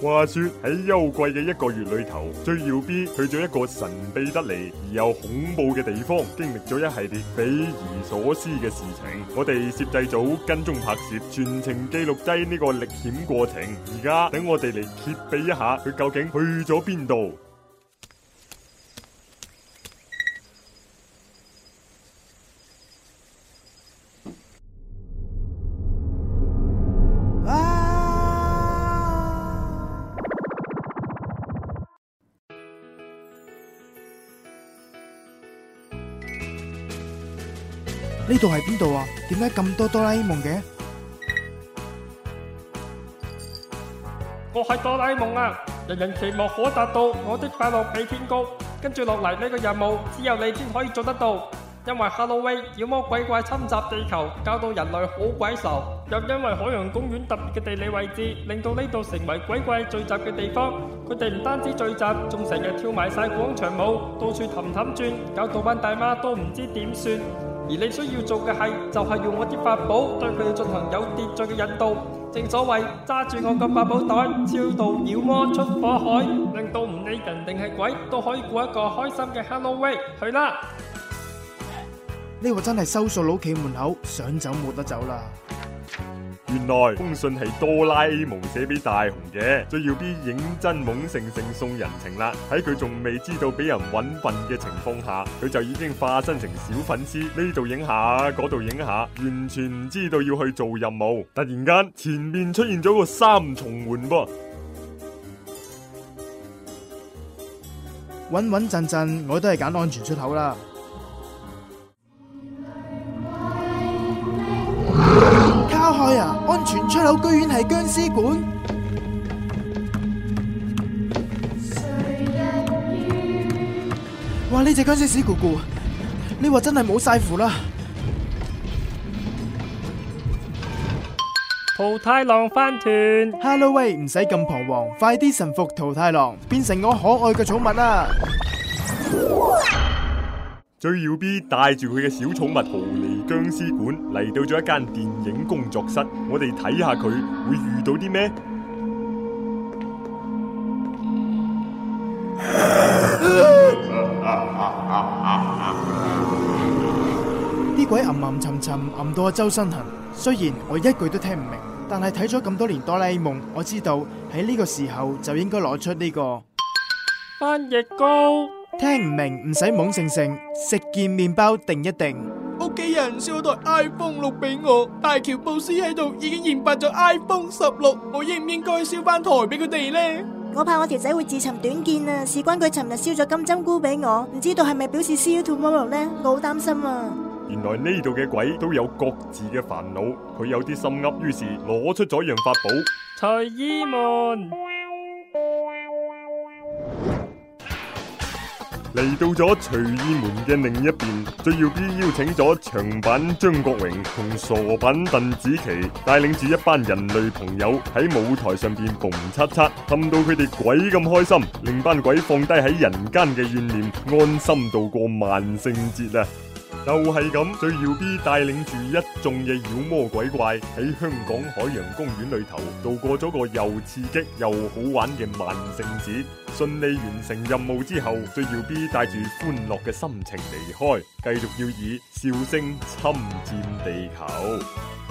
話說喺幽鬼嘅一個月裏頭，最耀 B 去咗一個神秘得嚟，而又恐怖嘅地方，經歷咗一系列匪夷所思嘅事情。我哋攝製組跟蹤拍攝，全程記錄低呢個歷險過程。而家等我哋嚟揭秘一下，佢究竟去咗邊度？呢度係邊度啊？點解咁多哆啦 A 夢嘅？我係哆啦 A 夢啊！人人期望可達到，我的快樂比天高。跟住落嚟呢個任務，只有你先可以做得到。因為哈囉喂，妖魔鬼怪侵襲地球，搞到人類好鬼愁。又因為海洋公園特別嘅地理位置，令到呢度成為鬼怪聚集嘅地方。佢哋唔單止聚集，仲成日跳埋晒廣場舞，到處氹氹轉，搞到班大媽都唔知點算。而你需要做嘅係，就係、是、用我啲法寶對佢哋進行有秩序嘅引導。正所謂，揸住我個法寶袋，超度妖魔出火海，令到唔理人定係鬼都可以過一個開心嘅 Halloween 去啦！呢個真係收數佬企門口，想走冇得走啦！原來封信係哆啦 A 夢寫俾大雄嘅，最耀 B 認真懵盛盛送人情啦。喺佢仲未知道俾人揾笨嘅情況下，佢就已經化身成小粉絲，呢度影下，嗰度影下，完全唔知道要去做任務。突然間，前面出現咗個三重門噃、啊，穩穩陣陣，我都係揀安全出口啦。 開啊！安全出口居然係僵屍館！哇！呢隻僵屍屎咕咕，你話真係冇晒符啦！桃太郎飯團，Hello，喂！唔使咁彷徨，快啲臣服桃太郎，變成我可愛嘅寵物啊！最耀 B 帶住佢嘅小寵物逃離僵屍館，嚟到咗一間電影工作室，我哋睇下佢會遇到啲咩？啲鬼吟吟沉沉，暗到阿周身痕。雖然我一句都聽唔明，但係睇咗咁多年哆啦 A 夢，我知道喺呢個時候就應該攞出呢、這個翻譯高。聽唔明唔使懵盛盛，食件麵包定一定。屋企人燒咗台 iPhone 六俾我，大喬布斯喺度已經研發咗 iPhone 十六，我應唔應該燒翻台俾佢哋呢？我怕我條仔會自尋短見啊！事關佢尋日燒咗金針菇俾我，唔知道係咪表示 see you tomorrow 呢？我好擔心啊！原來呢度嘅鬼都有各自嘅煩惱，佢有啲心噏，於是攞出咗樣法寶。睇英文。嚟到咗隨意門嘅另一邊，最耀 B 邀請咗長版張國榮同傻版鄧紫棋帶領住一班人類朋友喺舞台上邊蹦擦擦，氹到佢哋鬼咁開心，令班鬼放低喺人間嘅怨念，安心度過萬聖節啊！就係咁，最耀 B 帶領住一眾嘅妖魔鬼怪喺香港海洋公園裏頭度過咗個又刺激又好玩嘅萬聖節，順利完成任務之後，最耀 B 帶住歡樂嘅心情離開，繼續要以笑聲侵佔地球。